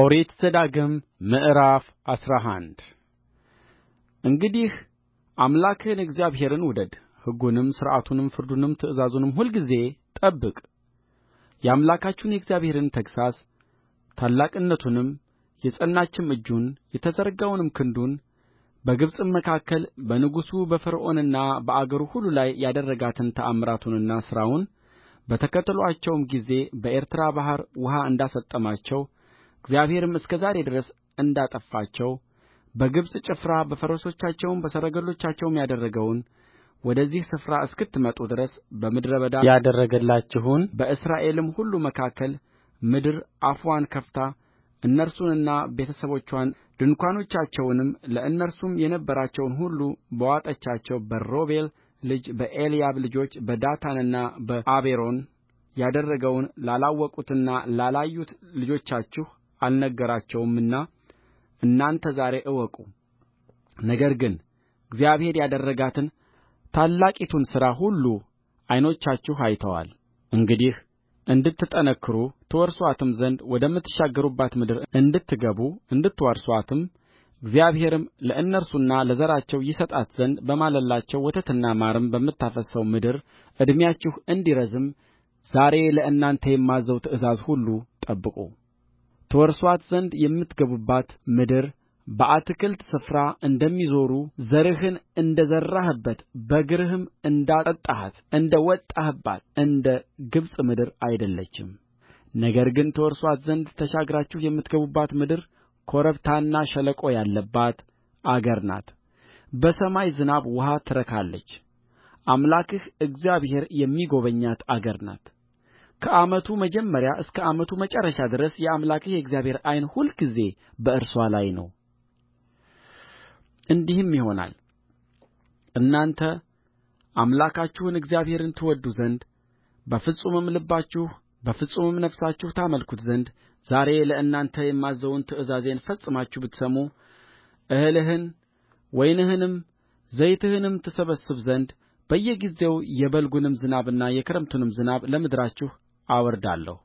ኦሪት ዘዳግም ምዕራፍ አስራ አንድ እንግዲህ አምላክህን እግዚአብሔርን ውደድ ሕጉንም ሥርዓቱንም ፍርዱንም ትእዛዙንም ሁልጊዜ የአምላካችሁን የእግዚአብሔርን ተግሣጽ ታላቅነቱንም የጸናችም እጁን የተዘረጋውንም ክንዱን በግብፅም መካከል በንጉሡ በፈርዖንና በአገሩ ሁሉ ላይ ያደረጋትን ተአምራቱንና ሥራውን በተከተሉአቸውም ጊዜ በኤርትራ ባሕር ውኃ እንዳሰጠማቸው እግዚአብሔርም እስከ ዛሬ ድረስ እንዳጠፋቸው በግብፅ ጭፍራ በፈረሶቻቸውም በሰረገሎቻቸውም ወደዚህ ስፍራ እስክትመጡ ድረስ በምድረ በዳ ያደረገላችሁን በእስራኤልም ሁሉ መካከል ምድር አፍዋን ከፍታ እነርሱንና ቤተሰቦቿን ድንኳኖቻቸውንም ለእነርሱም የነበራቸውን ሁሉ በዋጠቻቸው በሮቤል ልጅ በኤልያብ ልጆች በዳታንና በአቤሮን ያደረገውን ላላወቁትና ላላዩት ልጆቻችሁ አልነገራቸውምና እናንተ ዛሬ እወቁ ነገር ግን እግዚአብሔር ያደረጋትን ታላቂቱን ሥራ ሁሉ ዓይኖቻችሁ አይተዋል እንግዲህ እንድትጠነክሩ ትወርሱአትም ዘንድ ወደምትሻገሩባት ምድር እንድትገቡ እንድትወርሱአትም እግዚአብሔርም ለእነርሱና ለዘራቸው ይሰጣት ዘንድ በማለላቸው ወተትና ማርም በምታፈስሰው ምድር ዕድሜአችሁ እንዲረዝም ዛሬ ለእናንተ የማዘው ትእዛዝ ሁሉ ጠብቁ ትወርሱአት ዘንድ የምትገቡባት ምድር በአትክልት ስፍራ እንደሚዞሩ ዘርህን እንደ ዘራህባት በእግርህም እንዳጠጣሃት እንደ ወጣህባት እንደ ግብፅ ምድር አይደለችም ነገር ግን ትወርሱአት ዘንድ ተሻግራችሁ የምትገቡባት ምድር ኮረብታና ሸለቆ ያለባት አገር ናት በሰማይ ዝናብ ውኃ ትረካለች አምላክህ እግዚአብሔር የሚጐበኛት አገር ናት ከዓመቱ መጀመሪያ እስከ ዓመቱ መጨረሻ ድረስ የአምላክህ የእግዚአብሔር ዓይን ሁልጊዜ በእርስዋ ላይ ነው እንዲህም ይሆናል እናንተ አምላካችሁን እግዚአብሔርን ትወድዱ ዘንድ በፍጹምም ልባችሁ በፍጹምም ነፍሳችሁ ታመልኩት ዘንድ ዛሬ ለእናንተ የማዝዘውን ትእዛዜን ፈጽማችሁ ብትሰሙ እህልህን ወይንህንም ዘይትህንም ትሰበስብ ዘንድ በየጊዜው የበልጉንም ዝናብና የክረምቱንም ዝናብ ለምድራችሁ አወርዳለሁ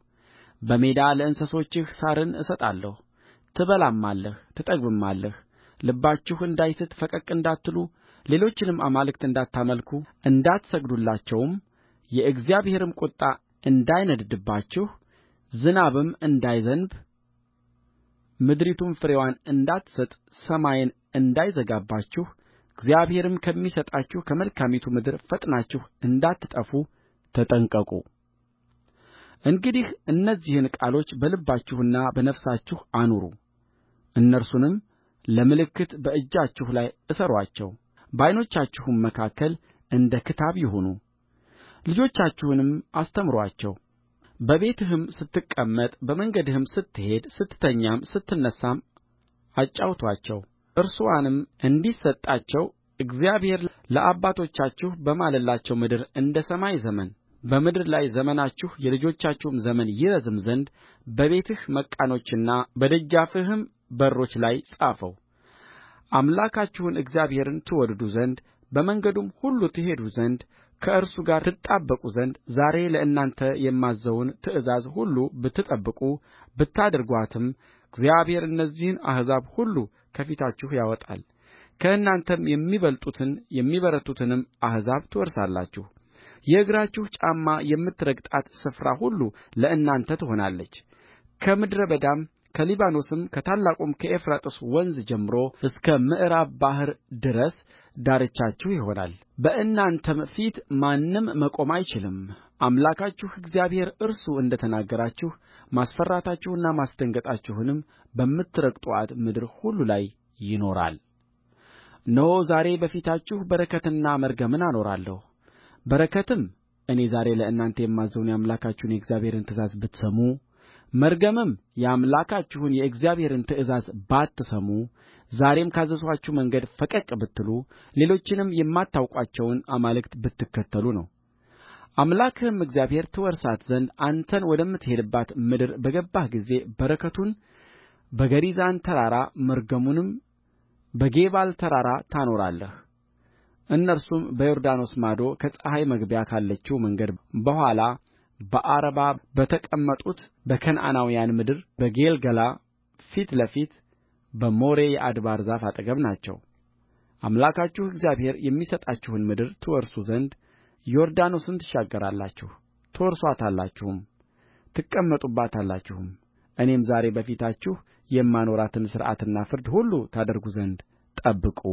በሜዳ ለእንስሶችህ ሣርን እሰጣለሁ ትበላማለህ ትጠግብማለህ ልባችሁ እንዳይስት ፈቀቅ እንዳትሉ ሌሎችንም አማልክት እንዳታመልኩ እንዳትሰግዱላቸውም የእግዚአብሔርም ቍጣ እንዳይነድድባችሁ ዝናብም እንዳይዘንብ ምድሪቱም ፍሬዋን እንዳትሰጥ ሰማይን እንዳይዘጋባችሁ እግዚአብሔርም ከሚሰጣችሁ ከመልካሚቱ ምድር ፈጥናችሁ እንዳትጠፉ ተጠንቀቁ እንግዲህ እነዚህን ቃሎች በልባችሁና በነፍሳችሁ አኑሩ እነርሱንም ለምልክት በእጃችሁ ላይ እሰሩአቸው በዓይኖቻችሁም መካከል እንደ ክታብ ልጆቻችሁንም አስተምሩአቸው በቤትህም ስትቀመጥ በመንገድህም ስትሄድ ስትተኛም ስትነሣም አጫውቱአቸው እርስዋንም እንዲሰጣቸው እግዚአብሔር ለአባቶቻችሁ በማለላቸው ምድር እንደ ሰማይ ዘመን በምድር ላይ ዘመናችሁ የልጆቻችሁም ዘመን ይረዝም ዘንድ በቤትህ መቃኖችና በደጃፍህም በሮች ላይ ጻፈው አምላካችሁን እግዚአብሔርን ትወድዱ ዘንድ በመንገዱም ሁሉ ትሄዱ ዘንድ ከእርሱ ጋር ትጣበቁ ዘንድ ዛሬ ለእናንተ የማዝዘውን ትእዛዝ ሁሉ ብትጠብቁ ብታደርጓትም እግዚአብሔር እነዚህን አሕዛብ ሁሉ ከፊታችሁ ያወጣል ከእናንተም የሚበልጡትን የሚበረቱትንም አሕዛብ ትወርሳላችሁ የእግራችሁ ጫማ የምትረግጣት ስፍራ ሁሉ ለእናንተ ትሆናለች። ከምድረ በዳም ከሊባኖስም ከታላቁም ከኤፍራጥስ ወንዝ ጀምሮ እስከ ምዕራብ ባሕር ድረስ ዳርቻችሁ ይሆናል በእናንተም ፊት ማንም መቆም አይችልም አምላካችሁ እግዚአብሔር እርሱ እንደ ተናገራችሁ ማስፈራታችሁንና ማስደንገጣችሁንም በምትረግጡአት ምድር ሁሉ ላይ ይኖራል እነሆ ዛሬ በፊታችሁ በረከትንና መርገምን አኖራለሁ በረከትም እኔ ዛሬ ለእናንተ የማዝዘውን የአምላካችሁን የእግዚአብሔርን ትእዛዝ ብትሰሙ መርገምም የአምላካችሁን የእግዚአብሔርን ትእዛዝ ባትሰሙ ዛሬም ካዘዝኋችሁ መንገድ ፈቀቅ ብትሉ ሌሎችንም የማታውቋቸውን አማልክት ብትከተሉ ነው። አምላክህም እግዚአብሔር ትወርሳት ዘንድ አንተን ወደምትሄድባት ምድር በገባህ ጊዜ በረከቱን በገሪዛን ተራራ መርገሙንም በጌባል ተራራ ታኖራለህ እነርሱም በዮርዳኖስ ማዶ ከፀሐይ መግቢያ ካለችው መንገድ በኋላ በዓረባ በተቀመጡት በከነዓናውያን ምድር በጌልገላ ፊት ለፊት በሞሬ የአድባር ዛፍ አጠገብ ናቸው። አምላካችሁ እግዚአብሔር የሚሰጣችሁን ምድር ትወርሱ ዘንድ ዮርዳኖስን ትሻገራላችሁ ትወርሱአታላችሁም ትቀመጡባታላችሁም እኔም ዛሬ በፊታችሁ የማኖራትን ሥርዓትና ፍርድ ሁሉ ታደርጉ ዘንድ ጠብቁ